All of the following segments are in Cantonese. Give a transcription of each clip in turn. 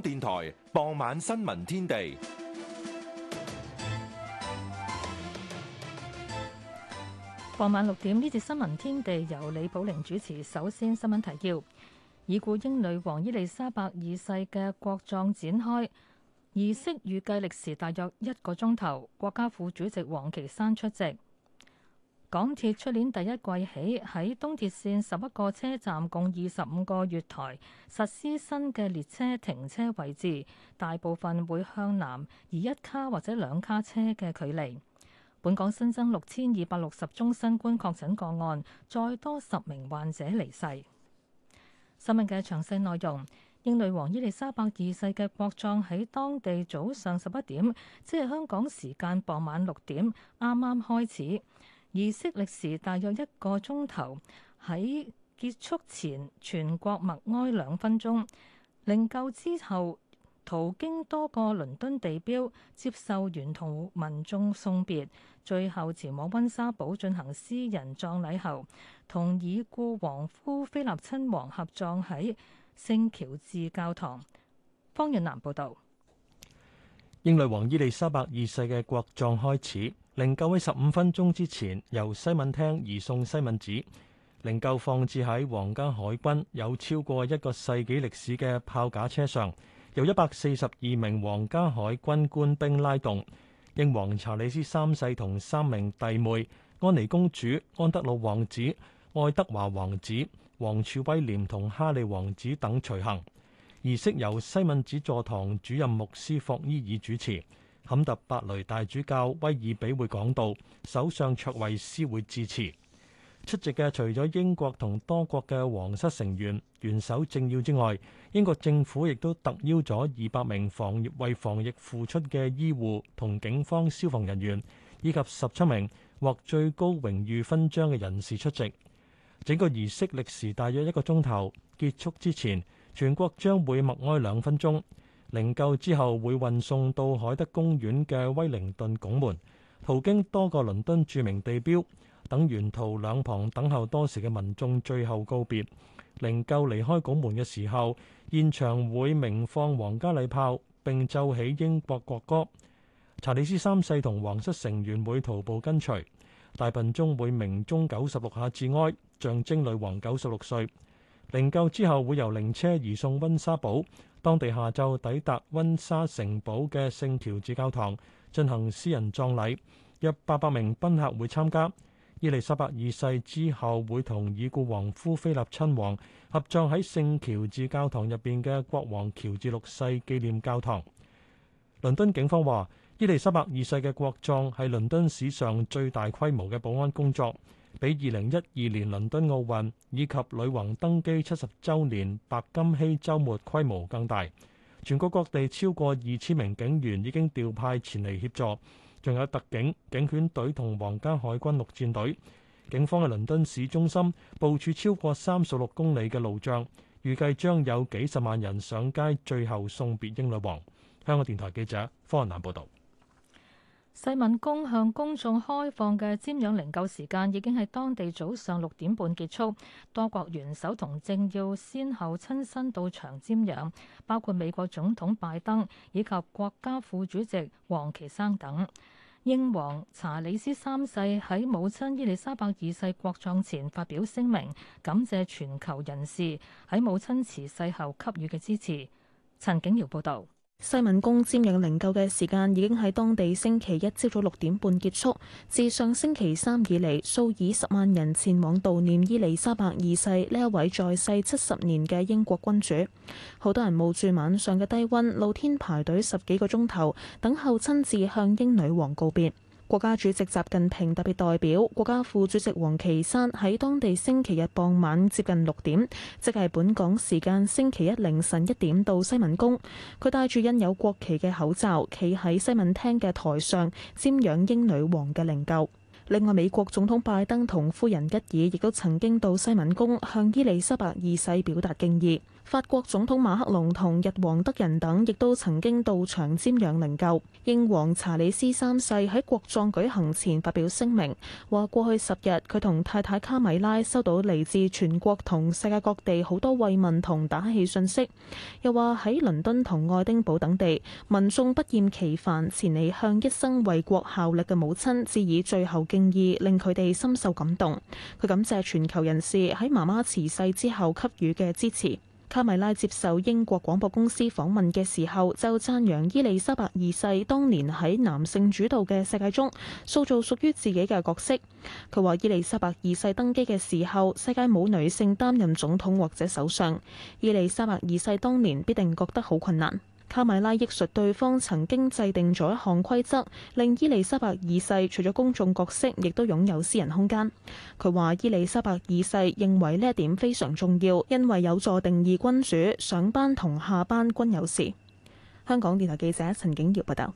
電台傍晚新聞天地，傍晚六點呢節新聞天地由李寶玲主持。首先新聞提要：已故英女王伊麗莎白二世嘅國葬展開，儀式預計歷時大約一個鐘頭。國家副主席王岐山出席。港鐵出年第一季起喺東鐵線十一個車站，共二十五個月台實施新嘅列車停車位置，大部分會向南移一卡或者兩卡車嘅距離。本港新增六千二百六十宗新冠確診個案，再多十名患者離世。新聞嘅詳細內容，英女王伊利沙伯二世嘅國葬喺當地早上十一點，即係香港時間傍晚六點啱啱開始。儀式歷時大約一個鐘頭，喺結束前全國默哀兩分鐘。靈柩之後途經多個倫敦地標，接受沿途民眾送別，最後前往溫莎堡進行私人葬禮後，同已故王夫菲立親王合葬喺聖喬治教堂。方潤南報導。英女王伊麗莎白二世嘅國葬開始。靈柩喺十五分鐘之前由西敏廳移送西敏寺，靈柩放置喺皇家海軍有超過一個世紀歷史嘅炮架車上，由一百四十二名皇家海軍官兵拉動。英王查理斯三世同三名弟妹安妮公主、安德魯王子、愛德華王子、王儲威廉同哈利王子等隨行。儀式由西敏寺座堂主任牧師霍伊爾主持。坎特伯雷大主教威爾比會講道，首相卓慧思會致辭。出席嘅除咗英國同多國嘅皇室成員、元首政要之外，英國政府亦都特邀咗二百名防疫為防疫付出嘅醫護同警方消防人員，以及十七名獲最高榮譽勳章嘅人士出席。整個儀式歷時大約一個鐘頭，結束之前，全國將會默哀兩分鐘。靈柩之後會運送到海德公園嘅威靈頓拱門，途經多個倫敦著名地標，等沿途兩旁等候多時嘅民眾最後告別。靈柩離開拱門嘅時候，現場會鳴放皇家禮炮並奏起英國國歌。查理斯三世同皇室成員會徒步跟隨，大笨鐘會鳴鐘九十六下致哀，象徵女王九十六歲。靈柩之後會由靈車移送溫莎堡。當地下晝抵達溫莎城堡嘅聖喬治教堂進行私人葬禮，約八百名賓客會參加。伊麗莎白二世之後會同已故王夫菲立親王合葬喺聖喬治教堂入邊嘅國王喬治六世紀念教堂。倫敦警方話，伊麗莎白二世嘅國葬係倫敦史上最大規模嘅保安工作。比二零一二年倫敦奧運以及女王登基七十周年白金禧周末規模更大，全國各地超過二千名警員已經調派前嚟協助，仲有特警、警犬隊同皇家海軍陸戰隊，警方喺倫敦市中心部署超過三十六公里嘅路障，預計將有幾十萬人上街最後送別英女王。香港電台記者方南報道。世民公向公眾開放嘅瞻仰靈柩時間已經係當地早上六點半結束。多國元首同政要先後親身到場瞻仰，包括美國總統拜登以及國家副主席王岐山等。英皇查理斯三世喺母親伊利沙伯二世國葬前發表聲明，感謝全球人士喺母親辭世後給予嘅支持。陳景堯報道。西敏宮瞻仰靈柩嘅時間已經喺當地星期一朝早六點半結束。自上星期三以嚟，數以十萬人前往悼念伊麗莎白二世呢一位在世七十年嘅英國君主。好多人冒住晚上嘅低溫，露天排隊十幾個鐘頭，等候親自向英女王告別。國家主席習近平特別代表、國家副主席王岐山喺當地星期日傍晚接近六點，即係本港時間星期一凌晨一點到西敏宮，佢戴住印有國旗嘅口罩，企喺西敏廳嘅台上瞻仰英女王嘅靈柩。另外，美國總統拜登同夫人吉爾亦都曾經到西敏宮向伊利沙伯二世表達敬意。法國總統馬克龍同日皇德仁等亦都曾經到場瞻仰靈柩。英皇查理斯三世喺國葬舉行前發表聲明，話過去十日佢同太太卡米拉收到嚟自全國同世界各地好多慰問同打氣訊息，又話喺倫敦同愛丁堡等地民眾不厭其煩前嚟向一生為國效力嘅母親致以最後敬意，令佢哋深受感動。佢感謝全球人士喺媽媽辭世之後給予嘅支持。卡米拉接受英國廣播公司訪問嘅時候，就讚揚伊莉莎白二世當年喺男性主導嘅世界中塑造屬於自己嘅角色。佢話：伊莉莎白二世登基嘅時候，世界冇女性擔任總統或者首相。伊莉莎白二世當年必定覺得好困難。卡米拉憶述，對方曾經制定咗一項規則，令伊莉莎白二世除咗公眾角色，亦都擁有私人空間。佢話：伊莉莎白二世認為呢一點非常重要，因為有助定義君主上班同下班均有事。香港電台記者陳景耀報道。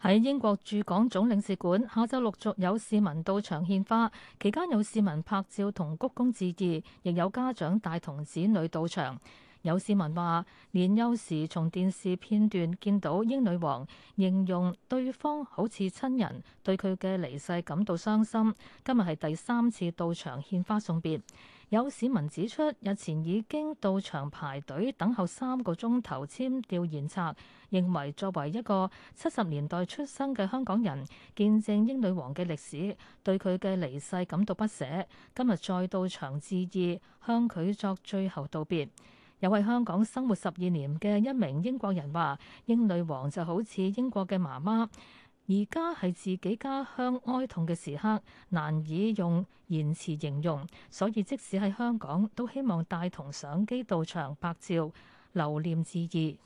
喺英國駐港總領事館，下週陸續有市民到場獻花，期間有市民拍照同鞠躬致意，亦有家長帶同子女到場。有市民話，年幼時從電視片段見到英女王，形容對方好似親人，對佢嘅離世感到傷心。今日係第三次到場獻花送別。有市民指出，日前已經到場排隊等候三個鐘頭簽弔唁冊，認為作為一個七十年代出生嘅香港人，見證英女王嘅歷史，對佢嘅離世感到不捨。今日再到場致意，向佢作最後道別。有位香港生活十二年嘅一名英國人話，英女王就好似英國嘅媽媽，而家係自己家鄉哀痛嘅時刻，難以用言辭形容，所以即使喺香港都希望帶同相機到場拍照留念致意。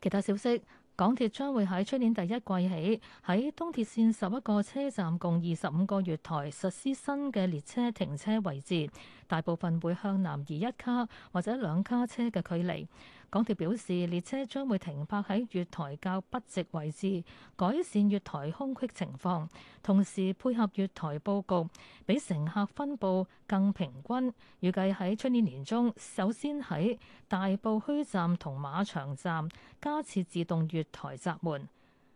其他消息。港鐵將會喺出年第一季起，喺東鐵線十一個車站共二十五個月台實施新嘅列車停車位置，大部分會向南移一卡或者兩卡車嘅距離。港鐵表示，列車將會停泊喺月台較北側位置，改善月台空隙情況，同時配合月台佈局，俾乘客分佈更平均。預計喺出年年中，首先喺大埔墟站同馬場站加設自動月台閘門。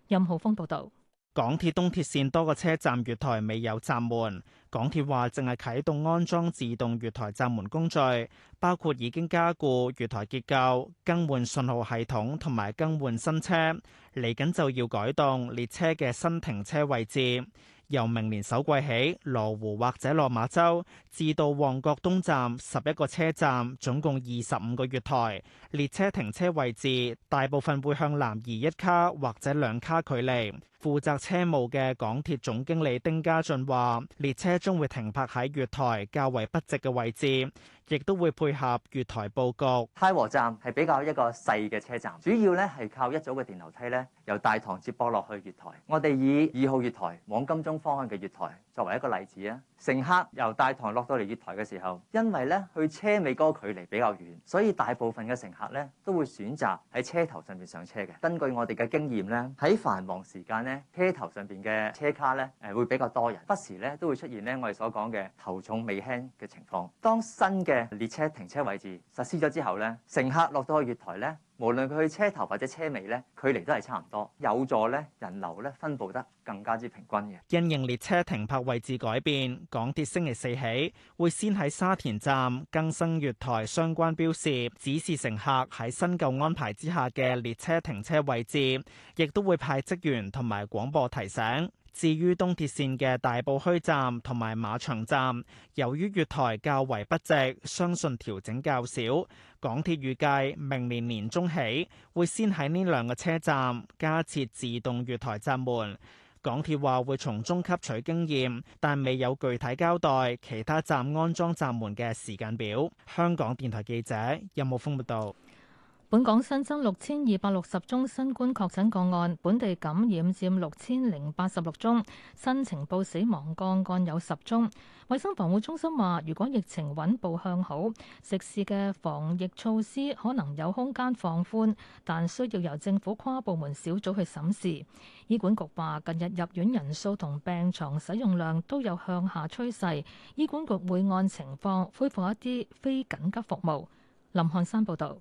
任浩峰報導，港鐵東鐵線多個車站月台未有閘門。港鐵話，淨係啟動安裝自動月台閘門工序，包括已經加固月台結構、更換信號系統同埋更換新車。嚟緊就要改動列車嘅新停車位置。由明年首季起，羅湖或者落馬洲至到旺角東站十一個車站，總共二十五個月台，列車停車位置大部分會向南移一卡或者兩卡距離。負責車務嘅港鐵總經理丁家俊話，列車將會停泊喺月台較為北側嘅位置。亦都會配合月台佈局。太和站係比較一個細嘅車站，主要咧係靠一組嘅電樓梯由大堂接駁落去月台。我哋以二號月台往金鐘方向嘅月台。作為一個例子啊，乘客由大堂落到嚟月台嘅時候，因為咧去車尾嗰個距離比較遠，所以大部分嘅乘客咧都會選擇喺車頭上面上車嘅。根據我哋嘅經驗咧，喺繁忙時間咧，車頭上邊嘅車卡咧誒會比較多人，不時咧都會出現咧我哋所講嘅頭重尾輕嘅情況。當新嘅列車停車位置實施咗之後咧，乘客落到去月台咧。無論佢去車頭或者車尾咧，距離都係差唔多，有助咧人流咧分佈得更加之平均嘅。因應列車停泊位置改變，港鐵星期四起會先喺沙田站更新月台相關標示，指示乘客喺新舊安排之下嘅列車停車位置，亦都會派職員同埋廣播提醒。至於東鐵線嘅大埔墟站同埋馬場站，由於月台較為筆直，相信調整較少。港鐵預計明年年中起會先喺呢兩個車站加設自動月台閘門。港鐵話會從中吸取經驗，但未有具體交代其他站安裝閘門嘅時間表。香港電台記者任慕峯報道。有本港新增六千二百六十宗新冠確診個案，本地感染佔六千零八十六宗。新情報死亡個案有十宗。衛生防護中心話，如果疫情穩步向好，食肆嘅防疫措施可能有空間放寬，但需要由政府跨部門小組去審視。醫管局話，近日入院人數同病床使用量都有向下趨勢，醫管局會按情況恢復一啲非緊急服務。林漢山報道。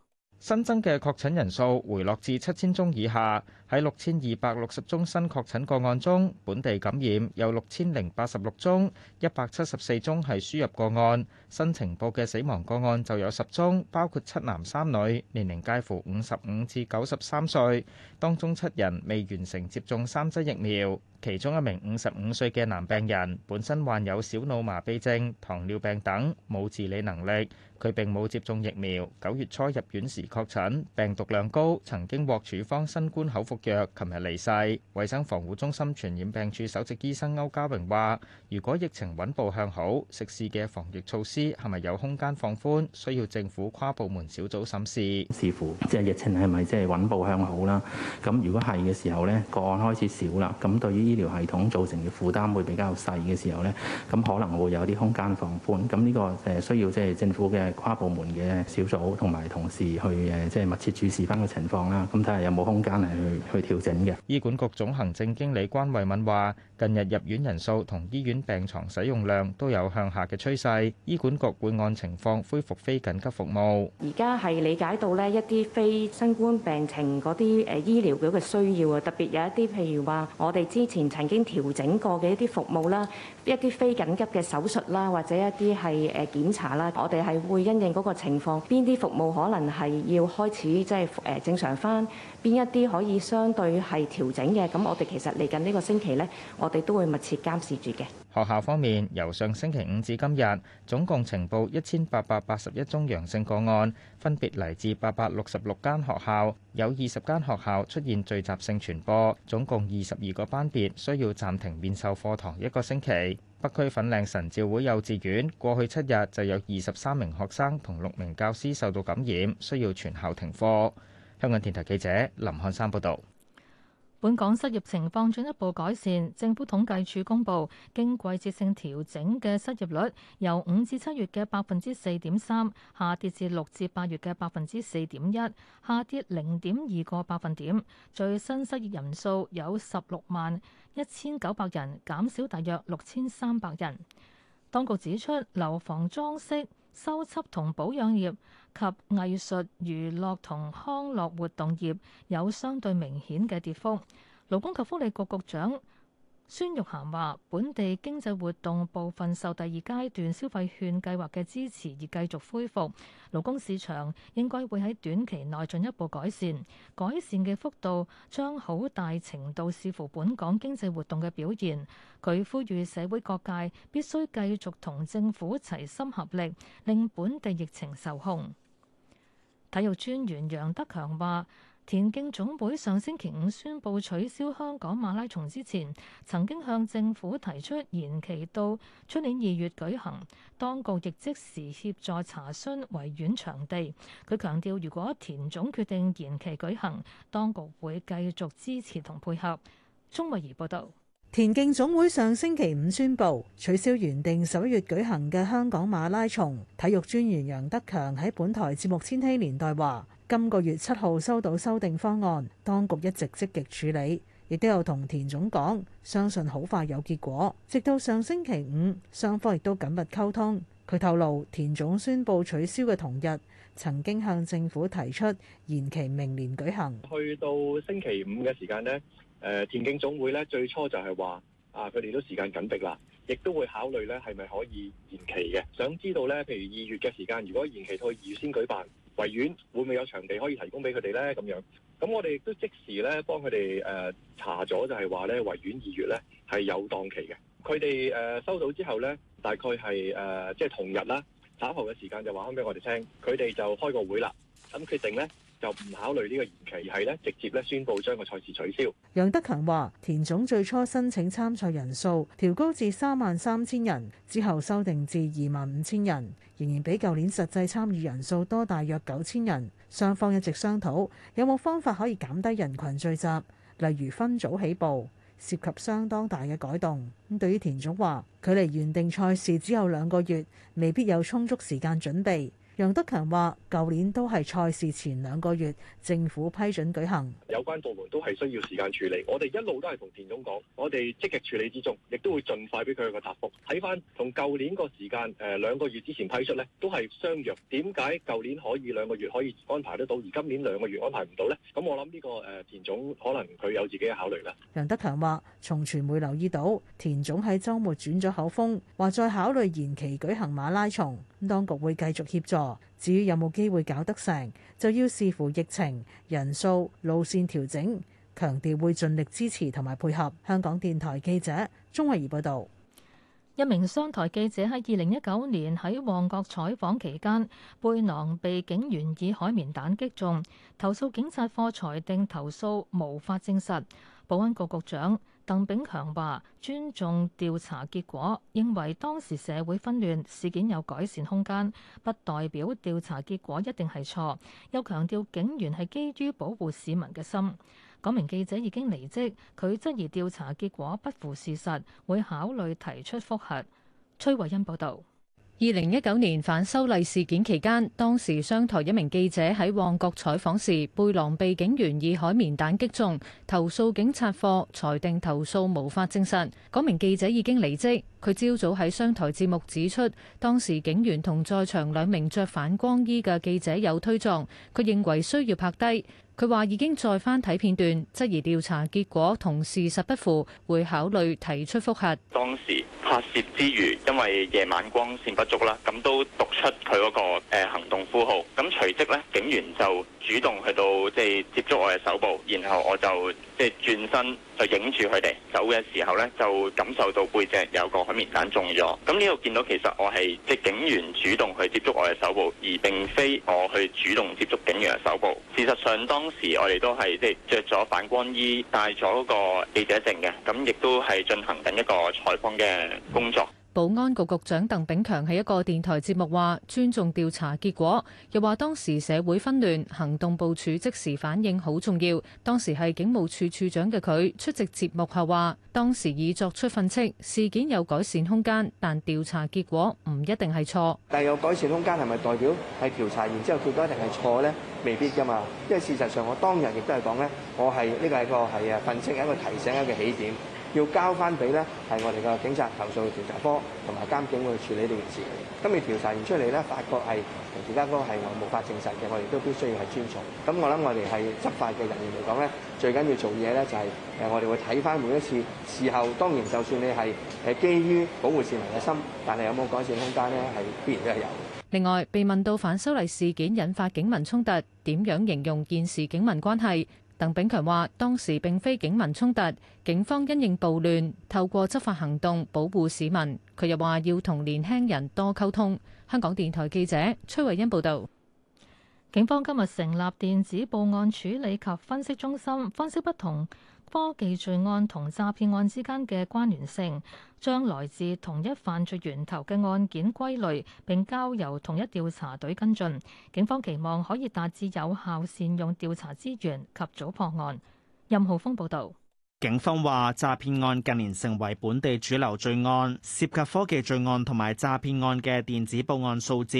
新增嘅確診人數回落至七千宗以下，喺六千二百六十宗新確診個案中，本地感染有六千零八十六宗，一百七十四宗係輸入個案。新呈報嘅死亡個案就有十宗，包括七男三女，年齡介乎五十五至九十三歲，當中七人未完成接種三劑疫苗，其中一名五十五歲嘅男病人本身患有小腦麻痹症、糖尿病等，冇自理能力。佢並冇接種疫苗，九月初入院時確診，病毒量高，曾經獲處方新冠口服藥。琴日離世。衞生防護中心傳染病處首席醫生歐家榮話：如果疫情穩步向好，食肆嘅防疫措施係咪有空間放寬？需要政府跨部門小組審視。視乎即係疫情係咪即係穩步向好啦？咁如果係嘅時候咧，個案開始少啦，咁對於醫療系統造成嘅負擔會比較細嘅時候咧，咁可能會有啲空間放寬。咁呢個誒需要即係政府嘅。跨部門嘅小組同埋同事去誒，即係密切注視翻個情況啦，咁睇下有冇空間嚟去去調整嘅。醫管局總行政經理關惠敏話：近日入院人數同醫院病牀使用量都有向下嘅趨勢，醫管局會按情況恢復非緊急服務。而家係理解到呢，一啲非新冠病情嗰啲誒醫療嘅需要啊，特別有一啲譬如話，我哋之前曾經調整過嘅一啲服務啦，一啲非緊急嘅手術啦，或者一啲係誒檢查啦，我哋係會。會因應嗰個情況，邊啲服務可能係要開始即係誒正常返，邊一啲可以相對係調整嘅。咁我哋其實嚟緊呢個星期呢，我哋都會密切監視住嘅。學校方面，由上星期五至今日，總共呈報一千八百八十一宗陽性個案，分別嚟自八百六十六間學校，有二十間學校出現聚集性傳播，總共二十二個班別需要暫停面授課堂一個星期。北區粉嶺神召會幼稚園過去七日就有二十三名學生同六名教師受到感染，需要全校停課。香港電台記者林漢山報導。本港失業情況進一步改善，政府統計處公布經季節性調整嘅失業率，由五至七月嘅百分之四點三，下跌至六至八月嘅百分之四點一，下跌零點二個百分點。最新失業人數有十六萬一千九百人，減少大約六千三百人。當局指出，樓房裝飾收葺同保養業及藝術、娛樂同康樂活動業有相對明顯嘅跌幅。勞工及福利局局長，孫玉菡話：本地經濟活動部分受第二階段消費券計劃嘅支持而繼續恢復，勞工市場應該會喺短期內進一步改善，改善嘅幅度將好大程度視乎本港經濟活動嘅表現。佢呼籲社會各界必須繼續同政府齊心合力，令本地疫情受控。體育專員楊德強話：田徑總會上星期五宣布取消香港馬拉松之前，曾經向政府提出延期到出年二月舉行，當局亦即時協助查詢維園場地。佢強調，如果田總決定延期舉行，當局會繼續支持同配合。鍾慧儀報道，田徑總會上星期五宣佈取消原定十一月舉行嘅香港馬拉松。體育專員楊德強喺本台節目《千禧年代》話。今個月七號收到修訂方案，當局一直積極處理，亦都有同田總講，相信好快有結果。直到上星期五，雙方亦都緊密溝通。佢透露，田總宣布取消嘅同日，曾經向政府提出延期明年舉行。去到星期五嘅時間呢，誒田徑總會呢最初就係話，啊佢哋都時間緊迫啦，亦都會考慮呢係咪可以延期嘅。想知道呢，譬如二月嘅時間，如果延期到二月先舉辦，維園會唔會有場地可以提供俾佢哋呢？咁樣，咁我哋亦都即時咧幫佢哋誒查咗，就係話咧維園二月咧係有檔期嘅。佢哋誒收到之後咧，大概係誒即係同日啦，稍後嘅時間就話翻俾我哋聽，佢哋就開個會啦，咁決定咧。就唔考慮呢個延期，而係咧直接咧宣布將個賽事取消。楊德強話：田總最初申請參賽人數調高至三萬三千人，之後修訂至二萬五千人，仍然比舊年實際參與人數多大約九千人。雙方一直商討有冇方法可以減低人群聚集，例如分組起步，涉及相當大嘅改動。咁對於田總話，距離原定賽事只有兩個月，未必有充足時間準備。楊德強話：舊年都係賽事前兩個月，政府批准舉行。有關部門都係需要時間處理，我哋一路都係同田總講，我哋積極處理之中，亦都會盡快俾佢個答復。睇翻同舊年個時間，誒兩個月之前批出呢都係相若。點解舊年可以兩個月可以安排得到，而今年兩個月安排唔到呢？咁我諗呢個誒田總可能佢有自己嘅考慮啦。楊德強話：從傳媒留意到，田總喺周末轉咗口風，話再考慮延期舉行馬拉松。咁當局會繼續協助。至於有冇機會搞得成，就要視乎疫情、人數、路線調整。強調會盡力支持同埋配合。香港電台記者鍾慧儀報導，一名商台記者喺二零一九年喺旺角採訪期間，背囊被警員以海綿彈擊中，投訴警察課裁定投訴無法證實。保安局局長，鄧炳強話尊重調查結果，認為當時社會紛亂，事件有改善空間，不代表調查結果一定係錯。又強調警員係基於保護市民嘅心，嗰名記者已經離職。佢質疑調查結果不符事實，會考慮提出復核。崔慧欣報道。二零一九年反修例事件期間，當時商台一名記者喺旺角採訪時，背囊被警員以海綿彈擊中，投訴警察課裁定投訴無法證實。嗰名記者已經離職，佢朝早喺商台節目指出，當時警員同在場兩名着反光衣嘅記者有推撞，佢認為需要拍低。佢話已經再翻睇片段，質疑調查結果同事實不符，會考慮提出覆核。當時拍攝之餘，因為夜晚光線不足啦，咁都讀出佢嗰個誒行動呼號。咁隨即咧，警員就主動去到即係、就是、接觸我嘅手部，然後我就即係轉身。就影住佢哋走嘅時候呢，就感受到背脊有個海綿彈中咗。咁呢度見到其實我係即係警員主動去接觸我嘅手部，而並非我去主動接觸警員嘅手部。事實上當時我哋都係即係着咗反光衣，戴咗個記者證嘅，咁亦都係進行緊一個採訪嘅工作。保安局局長鄧炳強喺一個電台節目話尊重調查結果，又話當時社會紛亂，行動部署即時反應好重要。當時係警務處處長嘅佢出席節目後話，當時已作出訓斥，事件有改善空間，但調查結果唔一定係錯。但有改善空間係咪代表係調查完之後結果一定係錯呢？未必噶嘛，因為事實上我當日亦都係講呢，我係呢、這個係一個係啊訓斥，一個提醒，一個起點。要交翻俾咧，係我哋個警察投訴調查科同埋監警去處理呢件事。今日調查完出嚟咧，發覺係其他科係我無法證實嘅，我哋都必須要係尊重。咁我諗我哋係執法嘅人員嚟講咧，最緊要做嘢咧就係誒，我哋會睇翻每一次事後，當然就算你係係基於保護市民嘅心，但係有冇改善空間咧，係必然都係有。另外，被問到反修例事件引發警民衝突，點樣形容現時警民關係？鄧炳強話：當時並非警民衝突，警方因應暴亂，透過執法行動保護市民。佢又話要同年輕人多溝通。香港電台記者崔慧欣報道。警方今日成立電子報案處理及分析中心，分析不同科技罪案同詐騙案之間嘅關聯性，將來自同一犯罪源頭嘅案件歸類並交由同一調查隊跟進。警方期望可以達至有效善用調查資源及早破案。任浩峰報導。警方話，詐騙案近年成為本地主流罪案，涉及科技罪案同埋詐騙案嘅電子報案數字，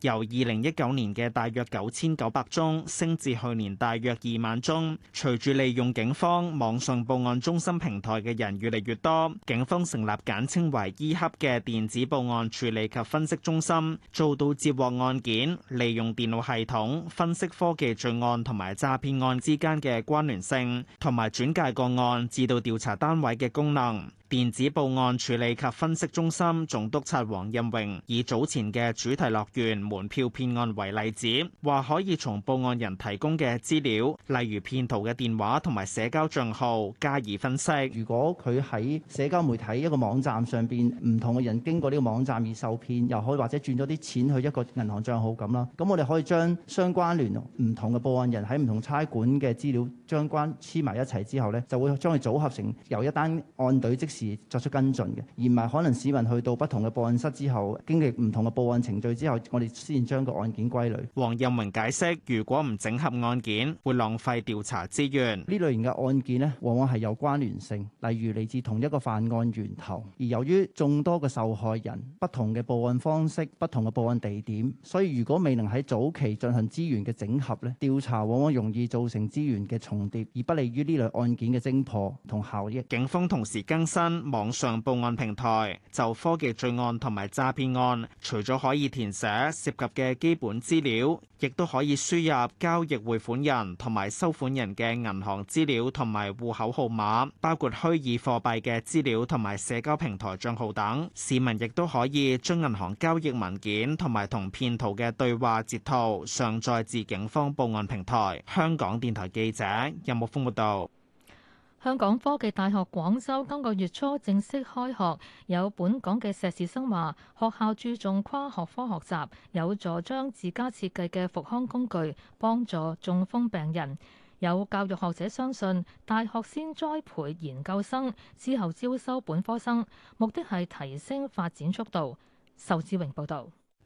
由二零一九年嘅大約九千九百宗，升至去年大約二萬宗。隨住利用警方網上報案中心平台嘅人越嚟越多，警方成立簡稱為 e-Hub 嘅電子報案處理及分析中心，做到接獲案件，利用電腦系統分析科技罪案同埋詐騙案之間嘅關聯性，同埋轉介個案。案至到調查單位嘅功能，電子報案處理及分析中心總督察黃任榮以早前嘅主題樂園門票騙案為例子，話可以從報案人提供嘅資料，例如騙徒嘅電話同埋社交帳號加以分析。如果佢喺社交媒體一個網站上邊，唔同嘅人經過呢個網站而受騙，又可以或者轉咗啲錢去一個銀行帳號咁啦，咁我哋可以將相關聯唔同嘅報案人喺唔同差館嘅資料相關黐埋一齊之後呢，就會，將佢組合成由一單案隊即時作出跟進嘅，而唔係可能市民去到不同嘅報案室之後，經歷唔同嘅報案程序之後，我哋先將個案件歸類。黃任文解釋，如果唔整合案件，會浪費調查資源。呢類型嘅案件咧，往往係有關聯性，例如嚟自同一個犯案源頭。而由於眾多嘅受害人、不同嘅報案方式、不同嘅報案地點，所以如果未能喺早期進行資源嘅整合咧，調查往往容易造成資源嘅重疊，而不利於呢類案件嘅偵。同效益。警方同時更新網上報案平台，就科技罪案同埋詐騙案，除咗可以填寫涉及嘅基本資料，亦都可以輸入交易匯款人同埋收款人嘅銀行資料同埋戶口號碼，包括虛擬貨幣嘅資料同埋社交平台帳號等。市民亦都可以將銀行交易文件同埋同騙徒嘅對話截圖上載至警方報案平台。香港電台記者任木峰報道。香港科技大學廣州今個月初正式開學，有本港嘅碩士生話，學校注重跨學科學習，有助將自家設計嘅復康工具幫助中風病人。有教育學者相信，大學先栽培研究生之後招收本科生，目的係提升發展速度。仇志榮報道。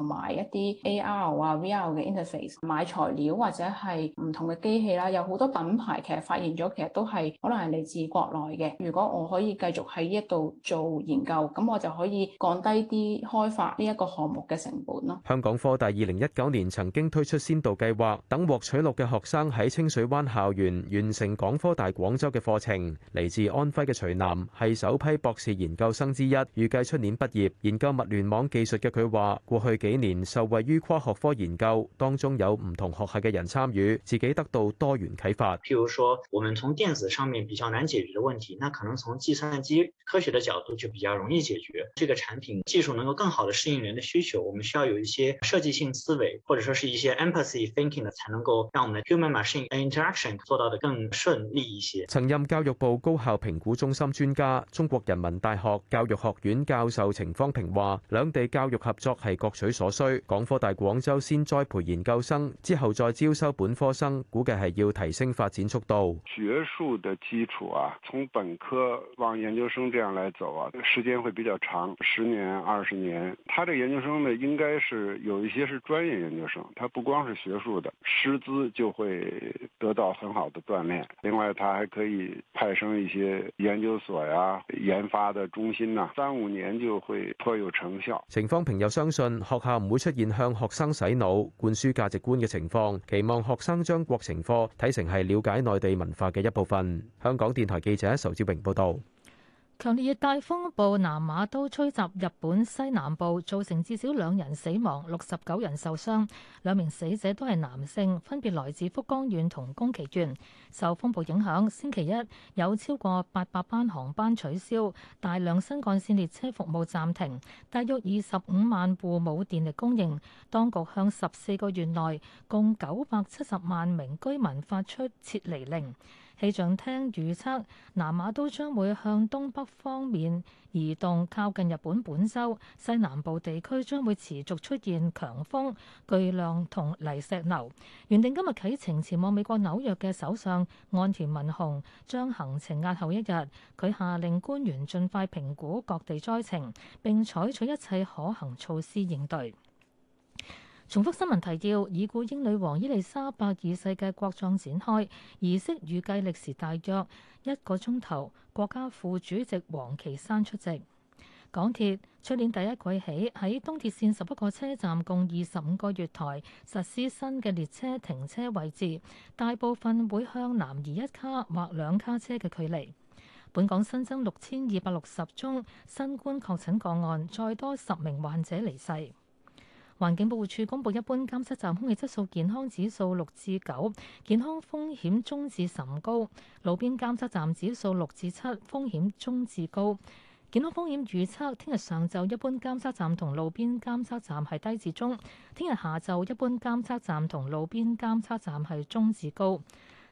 同埋一啲 AR 啊 VR 嘅 interface，買材料或者係唔同嘅機器啦，有好多品牌其實發現咗，其實都係可能係嚟自國內嘅。如果我可以繼續喺呢一度做研究，咁我就可以降低啲開發呢一個項目嘅成本咯。香港科大二零一九年曾經推出先導計劃，等獲取錄嘅學生喺清水灣校園完成港科大廣州嘅課程。嚟自安徽嘅徐南係首批博士研究生之一，預計出年畢業，研究物聯網技術嘅佢話：過去幾幾年受惠於跨學科研究，當中有唔同學系嘅人參與，自己得到多元啟發。譬如說，我們從電子上面比較難解決的問題，那可能從計算機科學的角度就比較容易解決。這個產品技術能夠更好地適應人的需求，我們需要有一些設計性思維，或者說是一些 empathy thinking，才能夠讓我們的 human machine interaction 做到得更順利一些。曾任教育部高校評估中心專家、中國人民大學教育學院教授程方平話：兩地教育合作係各取。所需，港科大廣州先栽培研究生，之後再招收本科生，估計係要提升發展速度。學術的基礎啊，從本科往研究生這樣來走啊，時間會比較長，十年、二十年。他這研究生呢，應該是有一些是專業研究生，他不光是學術的，師資就會得到很好的鍛煉。另外，他還可以派生一些研究所呀、啊、研發的中心吶、啊，三五年就會頗有成效。程方平又相信學校，唔會出現向學生洗腦、灌輸價值觀嘅情況，期望學生將國情課睇成係了解內地文化嘅一部分。香港電台記者仇志榮報道。強烈熱帶風暴南馬都吹襲日本西南部，造成至少兩人死亡、六十九人受傷。兩名死者都係男性，分別來自福岡縣同宮崎縣。受風暴影響，星期一有超過八百班航班取消，大量新幹線列車服務暫停，大約二十五萬戶冇電力供應。當局向十四個縣內共九百七十萬名居民發出撤離令。氣象廳預測，南馬都將會向東北方面移動，靠近日本本州西南部地區，將會持續出現強風、巨浪同泥石流。原定今日啟程前往美國紐約嘅首相岸田文雄將行程押後一日。佢下令官員盡快評估各地災情，並採取一切可行措施應對。重複新聞提要：已故英女王伊麗莎白二世嘅國葬展開，儀式預計歷時大約一個鐘頭。國家副主席王岐山出席。港鐵出年第一季起喺東鐵線十一個車站，共二十五個月台實施新嘅列車停車位置，大部分會向南移一卡或兩卡車嘅距離。本港新增六千二百六十宗新冠確診個案，再多十名患者離世。環境保護署公布，一般監測站空氣質素健康指數六至九，健康風險中至甚高；路邊監測站指數六至七，風險中至高。健康風險預測，聽日上晝一般監測站同路邊監測站係低至中；聽日下晝一般監測站同路邊監測站係中至高。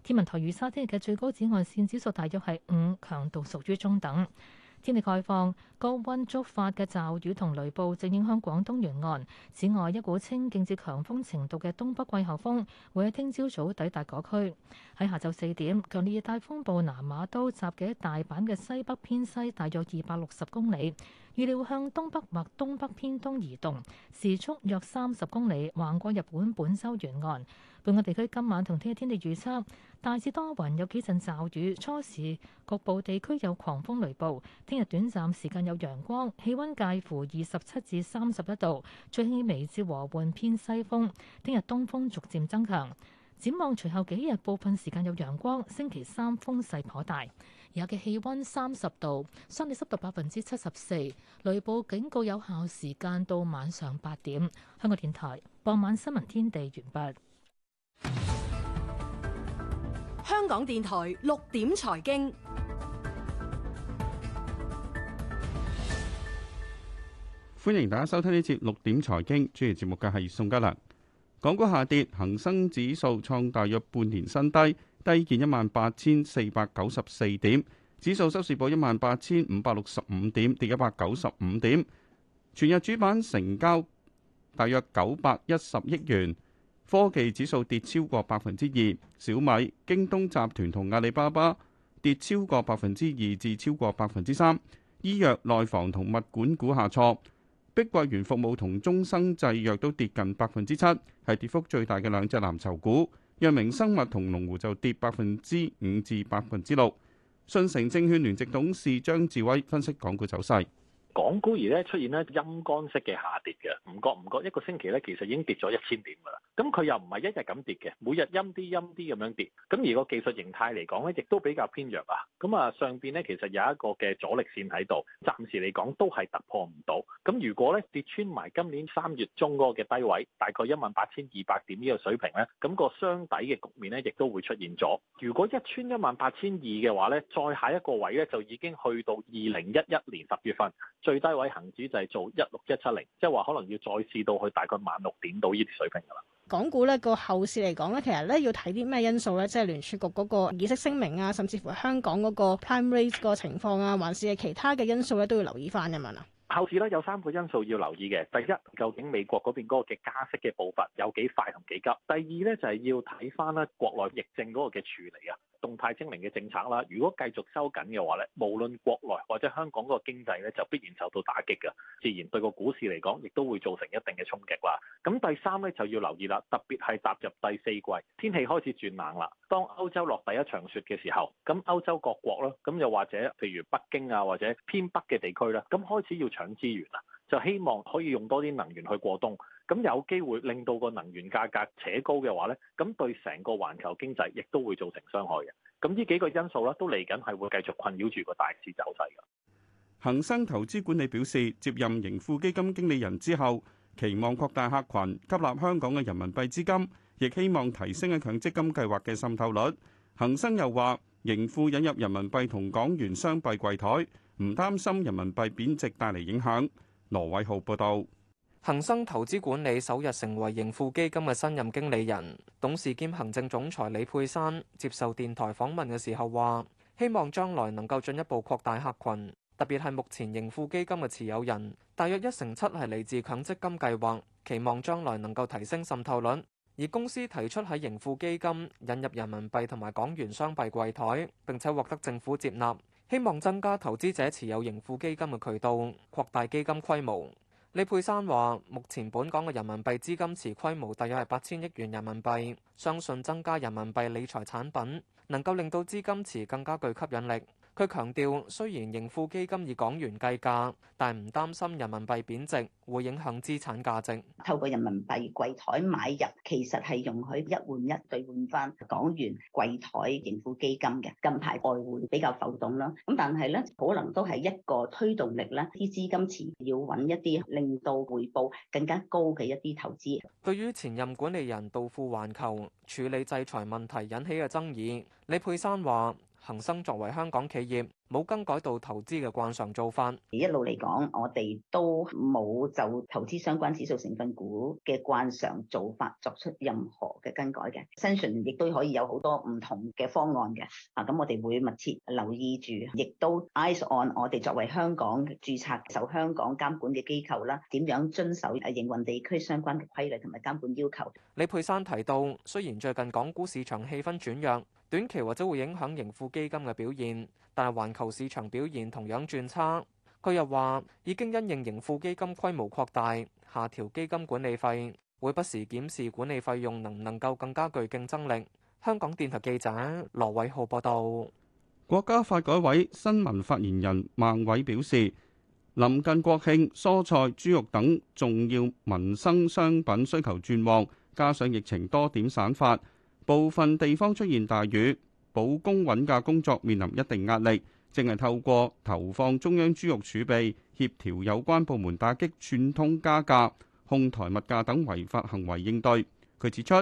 天文台預測，聽日嘅最高紫外線指數大約係五，強度屬於中等。天氣概況，高温觸發嘅驟雨同雷暴正影響廣東沿岸。此外，一股清勁至強風程度嘅東北季候風會喺聽朝早抵達嗰區。喺下晝四點，強烈熱帶風暴南馬都襲擊大阪嘅西北偏西大約二百六十公里。預料向東北或東北偏東移動，時速約三十公里，橫過日本本州沿岸。本港地區今晚同聽日天氣預測，大致多雲，有幾陣驟雨，初時局部地區有狂風雷暴。聽日短暫時間有陽光，氣温介乎二十七至三十一度，最輕微至和緩偏西風。聽日東風逐漸增強。展望隨後幾日，部分時間有陽光。星期三風勢頗大。日嘅氣溫三十度，相對濕度百分之七十四，雷暴警告有效時間到晚上八點。香港電台傍晚新聞天地完畢。香港電台六點財經，財經歡迎大家收聽呢節六點財經，主持節目嘅係宋嘉良。港股下跌，恒生指數創大約半年新低。低見一萬八千四百九十四點，指數收市報一萬八千五百六十五點，跌一百九十五點。全日主板成交大約九百一十億元，科技指數跌超過百分之二，小米、京東集團同阿里巴巴跌超過百分之二至超過百分之三。醫藥、內房同物管股下挫，碧桂園服務同中生製藥都跌近百分之七，係跌幅最大嘅兩隻藍籌股。藥明生物同龍湖就跌百分之五至百分之六。信誠證券聯席董事張智威分析港股走勢。港股而咧出現咧陰乾式嘅下跌嘅，唔覺唔覺一個星期咧，其實已經跌咗一千點㗎啦。咁佢又唔係一日咁跌嘅，每日陰啲陰啲咁樣跌。咁而個技術形態嚟講咧，亦都比較偏弱啊。咁啊上邊咧其實有一個嘅阻力線喺度，暫時嚟講都係突破唔到。咁如果咧跌穿埋今年三月中嗰個嘅低位，大概一萬八千二百點呢個水平咧，咁個雙底嘅局面咧亦都會出現咗。如果一穿一萬八千二嘅話咧，再下一個位咧就已經去到二零一一年十月份。最低位恒指就係做一六一七零，即係話可能要再試到去大概萬六點到呢啲水平噶啦。港股咧個後市嚟講咧，其實咧要睇啲咩因素咧，即係聯儲局嗰個議息聲明啊，甚至乎香港嗰個 prime rate 個情況啊，還是係其他嘅因素咧，都要留意翻咁樣啊。有後市咧有三個因素要留意嘅，第一，究竟美國嗰邊個嘅加息嘅步伐有幾快同幾急？第二咧就係要睇翻咧國內疫症嗰個嘅處理啊，動態清零嘅政策啦。如果繼續收緊嘅話咧，無論國內或者香港嗰個經濟咧就必然受到打擊噶，自然對個股市嚟講亦都會造成一定嘅衝擊啦。咁第三咧就要留意啦，特別係踏入第四季，天氣開始轉冷啦。當歐洲落第一場雪嘅時候，咁歐洲各國啦，咁又或者譬如北京啊或者偏北嘅地區咧，咁開始要搶資源啊，就希望可以用多啲能源去過冬。咁有機會令到個能源價格扯高嘅話，呢咁對成個環球經濟亦都會造成傷害嘅。咁呢幾個因素咧，都嚟緊係會繼續困擾住個大市走勢嘅。恒生投資管理表示，接任盈富基金經理人之後，期望擴大客群，吸納香港嘅人民幣資金，亦希望提升嘅強積金計劃嘅滲透率。恒生又話，盈富引入人民幣同港元雙幣櫃台。唔擔心人民幣貶值帶嚟影響。羅偉浩報導。恒生投資管理首日成為盈富基金嘅新任經理人，董事兼行政總裁李佩珊接受電台訪問嘅時候話：希望將來能夠進一步擴大客群，特別係目前盈富基金嘅持有人，大約一成七係嚟自強積金計劃，期望將來能夠提升滲透率。而公司提出喺盈富基金引入人民幣同埋港元雙幣櫃台，並且獲得政府接納。希望增加投資者持有盈富基金嘅渠道，擴大基金規模。李佩珊話：目前本港嘅人民幣資金池規模大約係八千億元人民幣，相信增加人民幣理財產品，能夠令到資金池更加具吸引力。佢強調，雖然盈富基金以港元計價，但唔擔心人民幣貶值會影響資產價值。透過人民幣櫃台買入，其實係容許一換一兌換翻港元櫃台盈富基金嘅。近排外匯比較浮動啦，咁但係咧，可能都係一個推動力啦。啲資金前要揾一啲令到回報更加高嘅一啲投資。對於前任管理人道富環球處理制裁問題引起嘅爭議，李佩珊話。恒生作為香港企業，冇更改到投資嘅慣常做法。而一路嚟講，我哋都冇就投資相關指數成分股嘅慣常做法作出任何嘅更改嘅。身上亦都可以有好多唔同嘅方案嘅。啊，咁我哋會密切留意住，亦都 eyes on 我哋作為香港註冊受香港監管嘅機構啦，點樣遵守誒營運地區相關嘅規例同埋監管要求。李佩珊提到，雖然最近港股市場氣氛轉弱。短期或者會影響盈富基金嘅表現，但係環球市場表現同樣轉差。佢又話已經因應盈富基金規模擴大，下調基金管理費會不時檢視管理費用能唔能夠更加具競爭力。香港電台記者羅偉浩報道。國家發改委新聞發言人孟偉表示，臨近國慶，蔬菜、豬肉等重要民生商品需求轉旺，加上疫情多點散發。部分地方出現大雨，保供穩價工作面臨一定壓力，正係透過投放中央豬肉儲備，協調有關部門打擊串通加價、哄抬物價等違法行為應對。佢指出，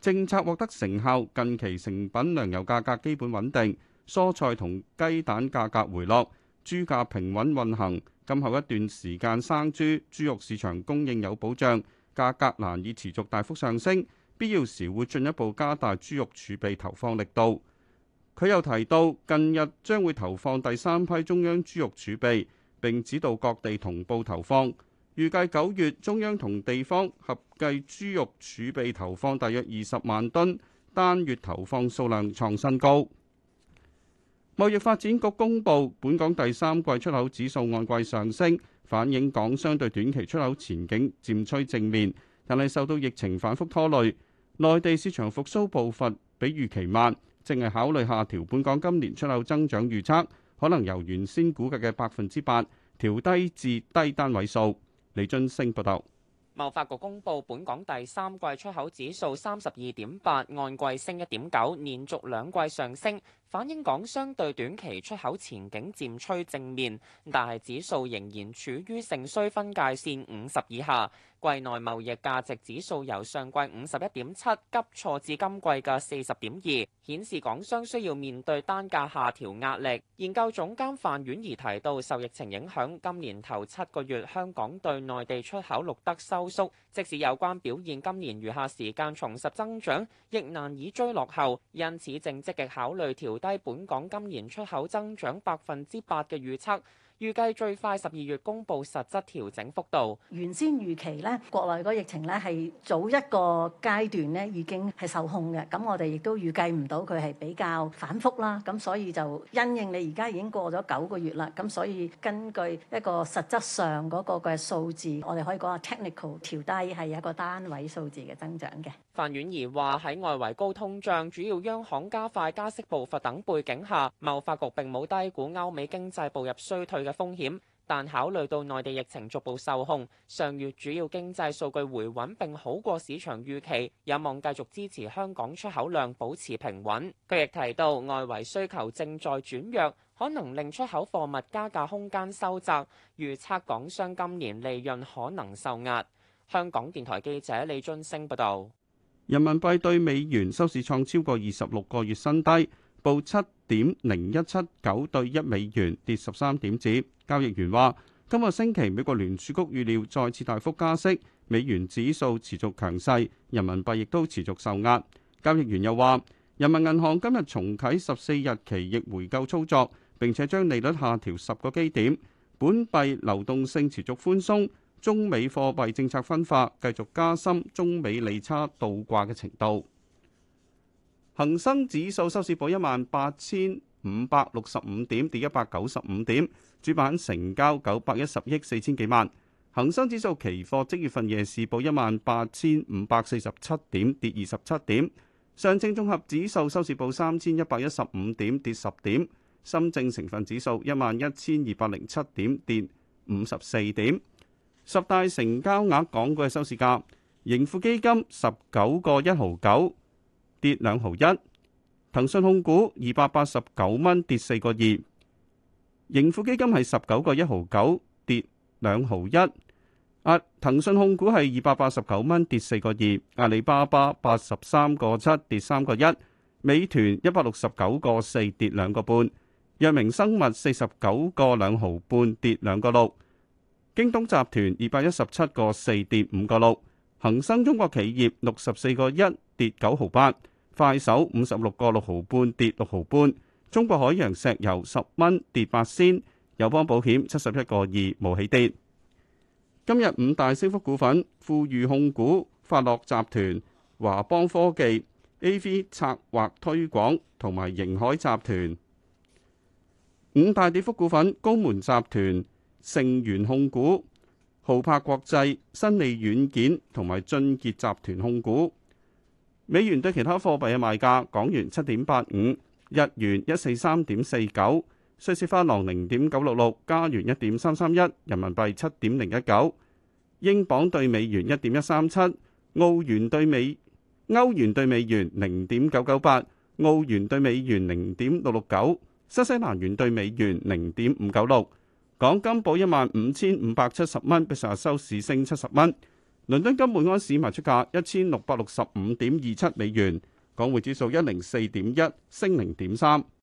政策獲得成效，近期成品糧油價格基本穩定，蔬菜同雞蛋價格回落，豬價平穩運行。今後一段時間生，生豬豬肉市場供應有保障，價格難以持續大幅上升。必要時會進一步加大豬肉儲備投放力度。佢又提到，近日將會投放第三批中央豬肉儲備，並指導各地同步投放。預計九月中央同地方合計豬肉儲備投放大約二十萬噸，單月投放數量創新高。貿易發展局公布，本港第三季出口指數按季上升，反映港商對短期出口前景漸趨正面，但係受到疫情反覆拖累。內地市場復甦步伐比預期慢，正係考慮下調本港今年出口增長預測，可能由原先估計嘅百分之八調低至低單位數。李津升報道，貿發局公布本港第三季出口指數三十二點八，按季升一點九，連續兩季上升。反映港商對短期出口前景漸趨正面，但係指數仍然處於盛衰分界線五十以下。季內貿易價值指數由上季五十一點七急挫至今季嘅四十點二，顯示港商需要面對單價下調壓力。研究總監范婉儀提到，受疫情影響，今年頭七個月香港對內地出口錄得收縮，即使有關表現今年餘下時間重拾增長，亦難以追落後，因此正積極考慮調低本港今年出口增長百分之八嘅預測。預計最快十二月公布實質調整幅度。原先預期咧，國內個疫情咧係早一個階段咧已經係受控嘅，咁我哋亦都預計唔到佢係比較反覆啦。咁所以就因應你而家已經過咗九個月啦，咁所以根據一個實質上嗰個嘅數字，我哋可以講下 technical 調低係一個單位數字嘅增長嘅。范婉儀話喺外圍高通脹、主要央行加快加息步伐等背景下，貿發局並冇低估歐美經濟步入衰退嘅風險，但考慮到內地疫情逐步受控，上月主要經濟數據回穩並好過市場預期，有望繼續支持香港出口量保持平穩。佢亦提到，外圍需求正在轉弱，可能令出口貨物加價空間收窄，預測港商今年利潤可能受壓。香港電台記者李津升報道。人民幣對美元收市創超過二十六個月新低。報七點零一七九對一美元，跌十三點子。交易員話：今個星期，美國聯儲局預料再次大幅加息，美元指數持續強勢，人民幣亦都持續受壓。交易員又話：人民銀行今日重啟十四日期逆回購操作，並且將利率下調十個基點，本幣流動性持續寬鬆。中美貨幣政策分化繼續加深，中美利差倒掛嘅程度，恒生指數收市報一萬八千五百六十五點，跌一百九十五點。主板成交九百一十億四千幾萬。恒生指數期貨即月份夜市報一萬八千五百四十七點，跌二十七點。上證綜合指數收市報三千一百一十五點，跌十點。深證成分指數一萬一千二百零七點，跌五十四點。十大成交額港股嘅收市價，盈富基金十九個一毫九。跌兩毫一，騰訊控股二百八十九蚊跌四個二，盈富基金係十九個一毫九跌兩毫一，阿騰訊控股係二百八十九蚊跌四個二，阿里巴巴八十三個七跌三個一，美團一百六十九個四跌兩個半，藥明生物四十九個兩毫半跌兩個六，京東集團二百一十七個四跌五個六，恒生中國企業六十四個一跌九毫八。快手五十六個六毫半跌六毫半，中國海洋石油十蚊跌八仙，友邦保險七十一個二冇起跌。今日五大升幅股份：富裕控股、發樂集團、華邦科技、AV 策劃推廣同埋盈海集團。五大跌幅股份：高門集團、盛源控股、豪柏國際、新利軟件同埋俊傑集團控股。美元對其他貨幣嘅賣價：港元七點八五，日元一四三點四九，瑞士法郎零點九六六，加元一點三三一，人民幣七點零一九，英鎊對美元一點一三七，澳元對美，歐元對美元零點九九八，澳元對美元零點六六九，新西蘭元對美元零點五九六。港金報一萬五千五百七十蚊，比上日收市升七十蚊。倫敦金每安士賣出價一千六百六十五點二七美元，港匯指數一零四點一升零點三。